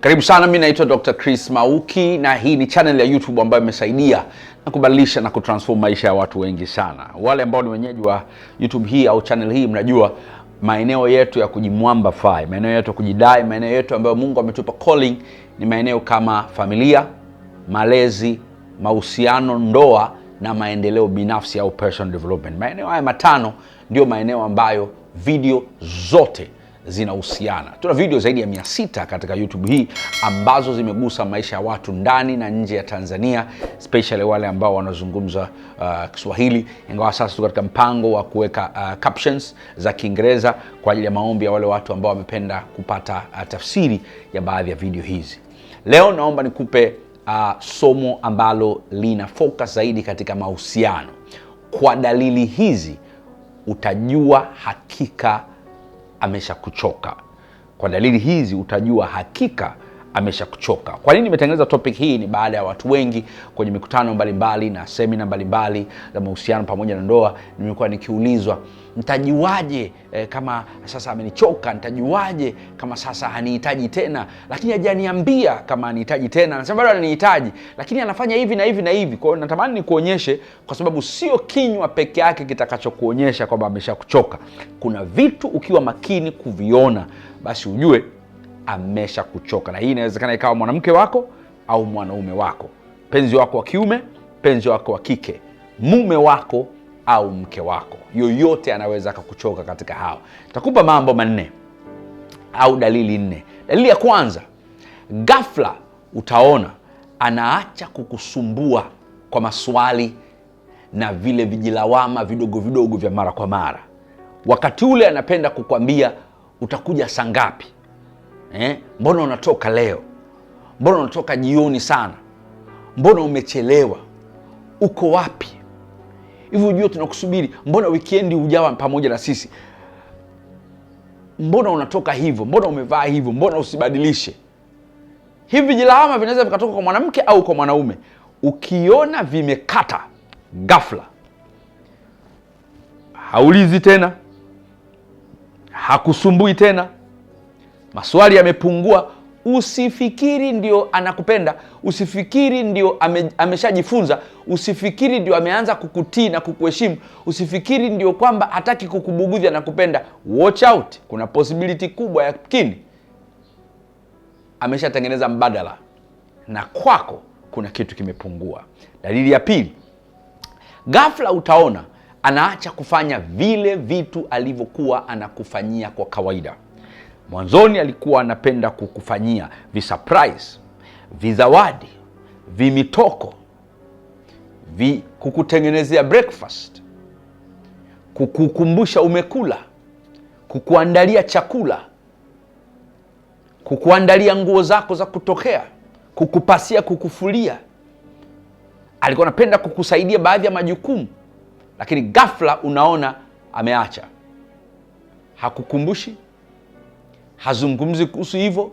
Karibu sana, mimi naitwa Dr. Chris Mauki na hii ni channel ya YouTube ambayo imesaidia na kubadilisha na kutransform maisha ya watu wengi sana. Wale ambao ni wenyeji wa YouTube hii au channel hii, mnajua maeneo yetu ya kujimwamba fai, maeneo yetu ya kujidai, maeneo yetu ambayo Mungu ametupa calling ni maeneo kama familia, malezi, mahusiano, ndoa na maendeleo binafsi au personal development. Maeneo haya matano ndio maeneo ambayo video zote zinahusiana. Tuna video zaidi ya mia sita katika YouTube hii ambazo zimegusa maisha ya watu ndani na nje ya Tanzania, especially wale ambao wanazungumza uh, Kiswahili, ingawa sasa tuko katika mpango wa kuweka uh, captions za Kiingereza kwa ajili ya maombi ya wale watu ambao wamependa kupata uh, tafsiri ya baadhi ya video hizi. Leo naomba nikupe uh, somo ambalo lina focus zaidi katika mahusiano. Kwa dalili hizi utajua hakika ameshakuchoka. Kwa dalili hizi utajua hakika ameshakuchoka. Kwa nini nimetengeneza topic hii? Ni baada ya watu wengi kwenye mikutano mbalimbali mbali, na semina mbalimbali za mahusiano pamoja na ndoa, nimekuwa nikiulizwa nitajuaje eh, kama sasa amenichoka? Nitajuaje kama sasa hanihitaji tena? Lakini hajaniambia kama anihitaji tena, anasema bado ananihitaji, lakini anafanya hivi na hivi na hivi. Kwa hiyo natamani nikuonyeshe, kwa sababu sio kinywa peke yake kitakachokuonyesha kwamba ameshakuchoka. Kuna vitu ukiwa makini kuviona, basi ujue amesha kuchoka, na hii inawezekana ikawa mwanamke wako au mwanaume wako, mpenzi wako wa kiume, mpenzi wako wa kike, mume wako au mke wako, yoyote anaweza akakuchoka katika hao. Takupa mambo manne au dalili nne. Dalili ya kwanza, gafla utaona anaacha kukusumbua kwa maswali na vile vijilawama vidogo vidogo vya mara kwa mara. Wakati ule anapenda kukwambia utakuja sangapi eh? Mbona unatoka leo? Mbona unatoka jioni sana? Mbona umechelewa? Uko wapi? Hivi ujue tunakusubiri. Mbona wikendi hujawa pamoja na sisi? Mbona unatoka hivyo? Mbona umevaa hivyo? Mbona usibadilishe? Hivi jilawama vinaweza vikatoka kwa mwanamke au kwa mwanaume. Ukiona vimekata ghafla, haulizi tena, hakusumbui tena maswali yamepungua. Usifikiri ndio anakupenda, usifikiri ndio ame, ameshajifunza, usifikiri ndio ameanza kukutii na kukuheshimu, usifikiri ndio kwamba hataki kukubugudhi, anakupenda. Watch out, kuna possibility kubwa yakini ameshatengeneza mbadala na kwako kuna kitu kimepungua. Dalili ya pili, ghafla utaona anaacha kufanya vile vitu alivyokuwa anakufanyia kwa kawaida. Mwanzoni alikuwa anapenda kukufanyia visurprise, vizawadi, vimitoko, vi kukutengenezea breakfast, kukukumbusha umekula, kukuandalia chakula, kukuandalia nguo zako za kutokea, kukupasia, kukufulia. Alikuwa anapenda kukusaidia baadhi ya majukumu, lakini ghafla unaona ameacha, hakukumbushi hazungumzi kuhusu hivyo,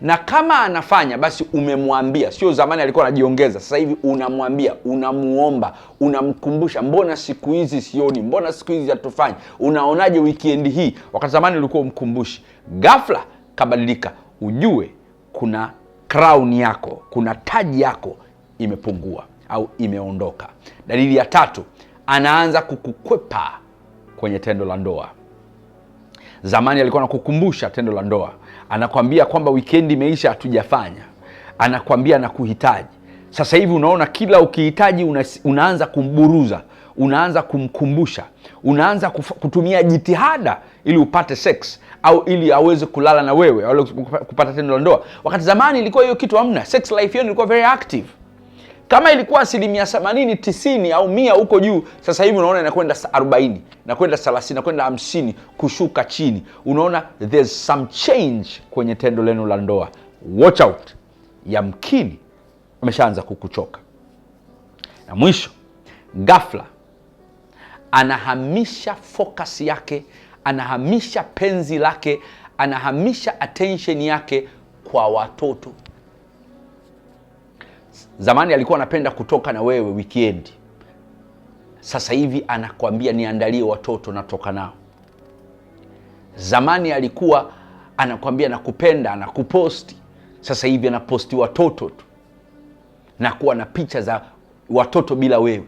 na kama anafanya basi umemwambia. Sio zamani alikuwa anajiongeza, sasa hivi unamwambia, unamuomba, unamkumbusha, mbona siku hizi sioni, mbona siku hizi hatufanyi, unaonaje wikendi hii? Wakati zamani ulikuwa umkumbushi, ghafla kabadilika, ujue kuna crown yako, kuna taji yako imepungua au imeondoka. Dalili ya tatu, anaanza kukukwepa kwenye tendo la ndoa. Zamani alikuwa anakukumbusha tendo la ndoa, anakwambia kwamba wikendi imeisha, hatujafanya, anakwambia kuhitaji Sasa hivi unaona kila ukihitaji una, unaanza kumburuza, unaanza kumkumbusha, unaanza kutumia jitihada ili upate sex au ili aweze kulala na wewe au kupata tendo la ndoa, wakati zamani ilikuwa hiyo kitu hamna. Sex life yenu ilikuwa very active. Kama ilikuwa asilimia 80, 90 au mia huko juu, sasa hivi unaona inakwenda 40, nakwenda 30, kwenda 50, kushuka chini. Unaona there's some change kwenye tendo lenu la ndoa. Watch out, yamkini ameshaanza kukuchoka. Na mwisho, ghafla anahamisha focus yake, anahamisha penzi lake, anahamisha attention yake kwa watoto. Zamani alikuwa anapenda kutoka na wewe weekend, sasa hivi anakwambia niandalie watoto natoka nao. Zamani alikuwa anakwambia nakupenda, anakuposti, sasa hivi anaposti watoto tu na kuwa na picha za watoto bila wewe.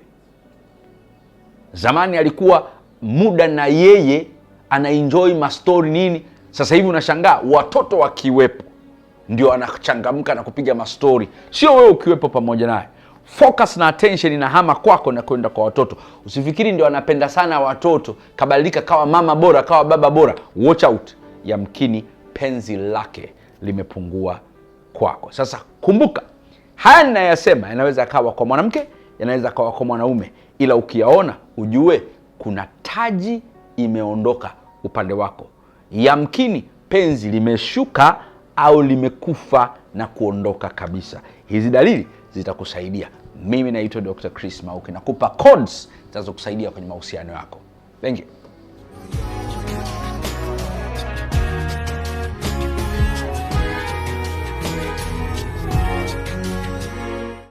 Zamani alikuwa muda na yeye anaenjoy mastori nini, sasa hivi unashangaa watoto wakiwepo ndio anachangamka na kupiga mastori, sio wewe ukiwepo pamoja naye. Focus na attention inahama kwako na kwenda kwa watoto. Usifikiri ndio anapenda sana watoto, kabadilika kawa mama bora, kawa baba bora. Watch out, yamkini penzi lake limepungua kwako. Sasa kumbuka, haya ninayasema yanaweza yakawa kwa mwanamke, yanaweza yakawa kwa mwanaume, ila ukiyaona ujue kuna taji imeondoka upande wako, yamkini penzi limeshuka au limekufa na kuondoka kabisa. Hizi dalili zitakusaidia. Mimi naitwa Dr. Chris Mauki, nakupa codes zitazokusaidia kwenye mahusiano yako. Thank you.